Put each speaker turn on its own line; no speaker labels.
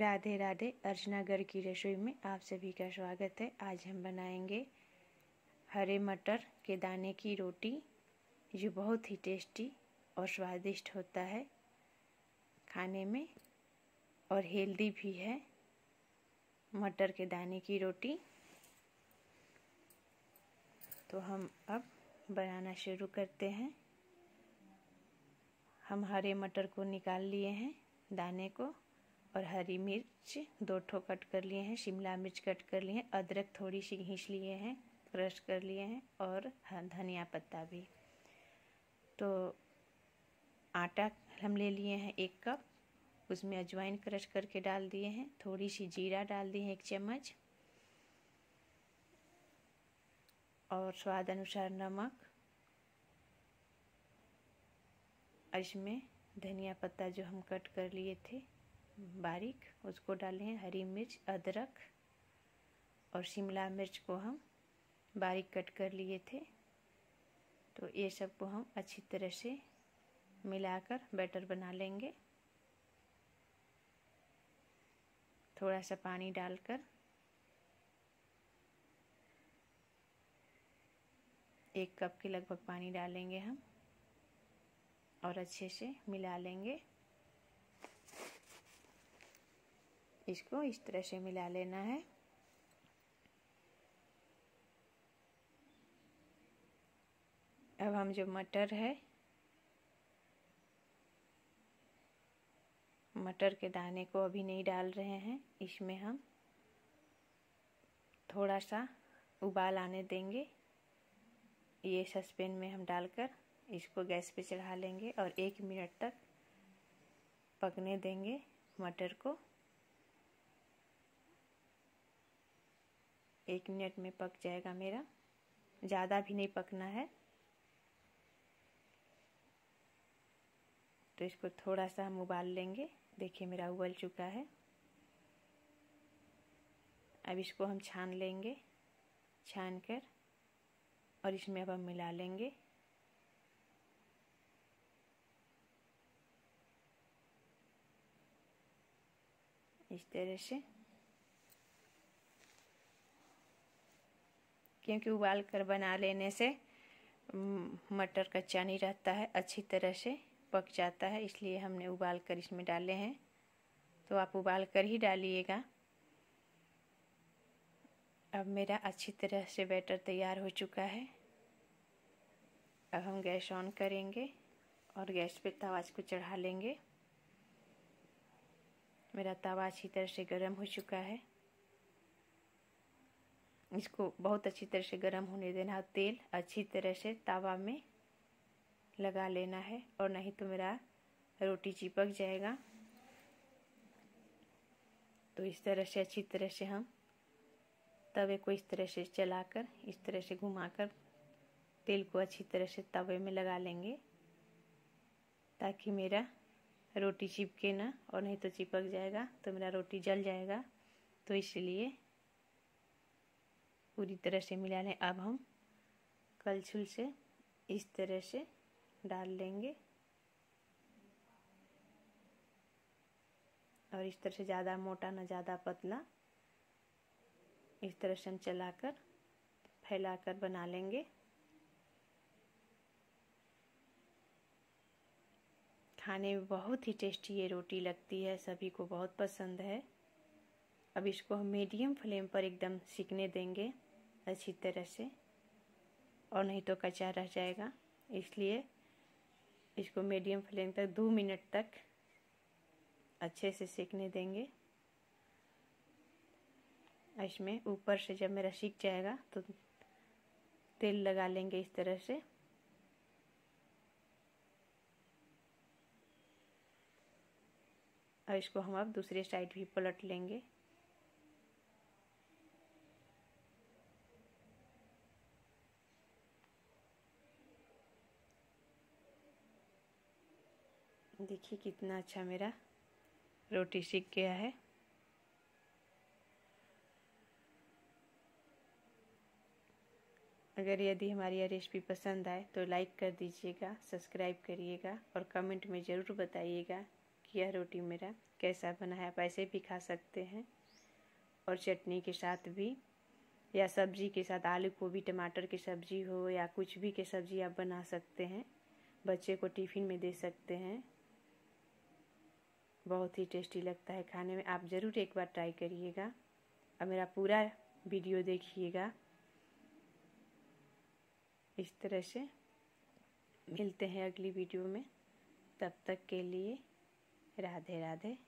राधे राधे अर्चनागर की रसोई में आप सभी का स्वागत है आज हम बनाएंगे हरे मटर के दाने की रोटी जो बहुत ही टेस्टी और स्वादिष्ट होता है खाने में और हेल्दी भी है मटर के दाने की रोटी तो हम अब बनाना शुरू करते हैं हम हरे मटर को निकाल लिए हैं दाने को और हरी मिर्च दो ठो कट कर लिए हैं शिमला मिर्च कट कर लिए हैं अदरक थोड़ी सी घींच लिए हैं क्रश कर लिए हैं और धनिया पत्ता भी तो आटा हम ले लिए हैं एक कप उसमें अजवाइन क्रश करके डाल दिए हैं थोड़ी सी जीरा डाल दी है एक चम्मच और स्वाद अनुसार नमक इसमें धनिया पत्ता जो हम कट कर लिए थे बारीक उसको डाले हैं हरी मिर्च अदरक और शिमला मिर्च को हम बारीक कट कर लिए थे तो ये सब को हम अच्छी तरह से मिलाकर बैटर बना लेंगे थोड़ा सा पानी डालकर एक कप के लगभग पानी डालेंगे हम और अच्छे से मिला लेंगे इसको इस तरह से मिला लेना है अब हम जो मटर है मटर के दाने को अभी नहीं डाल रहे हैं इसमें हम थोड़ा सा उबाल आने देंगे ये सस्पेन में हम डालकर इसको गैस पे चढ़ा लेंगे और एक मिनट तक पकने देंगे मटर को एक मिनट में पक जाएगा मेरा ज़्यादा भी नहीं पकना है तो इसको थोड़ा सा हम उबाल लेंगे देखिए मेरा उबल चुका है अब इसको हम छान लेंगे छान कर और इसमें अब हम मिला लेंगे इस तरह से क्योंकि उबाल कर बना लेने से मटर कच्चा नहीं रहता है अच्छी तरह से पक जाता है इसलिए हमने उबाल कर इसमें डाले हैं तो आप उबाल कर ही डालिएगा अब मेरा अच्छी तरह से बैटर तैयार हो चुका है अब हम गैस ऑन करेंगे और गैस पे तवाज को चढ़ा लेंगे मेरा तवा अच्छी तरह से गर्म हो चुका है इसको बहुत अच्छी तरह से गर्म होने देना है तेल अच्छी तरह से तावा में लगा लेना है और नहीं तो मेरा रोटी चिपक जाएगा तो इस तरह से अच्छी तरह से हम तवे को इस तरह से चलाकर इस तरह से घुमाकर तेल को अच्छी तरह से तवे में लगा लेंगे ताकि मेरा रोटी चिपके ना और नहीं तो चिपक जाएगा तो मेरा रोटी जल जाएगा तो इसलिए पूरी तरह से मिला लें अब हम कलछुल से इस तरह से डाल लेंगे और इस तरह से ज़्यादा मोटा ना ज़्यादा पतला इस तरह से हम चलाकर फैलाकर बना लेंगे खाने में बहुत ही टेस्टी ये रोटी लगती है सभी को बहुत पसंद है अब इसको हम मीडियम फ्लेम पर एकदम सीखने देंगे अच्छी तरह से और नहीं तो कच्चा रह जाएगा इसलिए इसको मीडियम फ्लेम तक दो मिनट तक अच्छे से सीखने देंगे इसमें ऊपर से जब मेरा सीख जाएगा तो तेल लगा लेंगे इस तरह से और इसको हम अब दूसरे साइड भी पलट लेंगे देखिए कितना अच्छा मेरा रोटी सीख गया है अगर यदि हमारी यह रेसिपी पसंद आए तो लाइक कर दीजिएगा सब्सक्राइब करिएगा और कमेंट में ज़रूर बताइएगा कि यह रोटी मेरा कैसा बना है आप ऐसे भी खा सकते हैं और चटनी के साथ भी या सब्जी के साथ आलू गोभी टमाटर की सब्जी हो या कुछ भी के सब्जी आप बना सकते हैं बच्चे को टिफ़िन में दे सकते हैं बहुत ही टेस्टी लगता है खाने में आप ज़रूर एक बार ट्राई करिएगा और मेरा पूरा वीडियो देखिएगा इस तरह से मिलते हैं अगली वीडियो में तब तक के लिए राधे राधे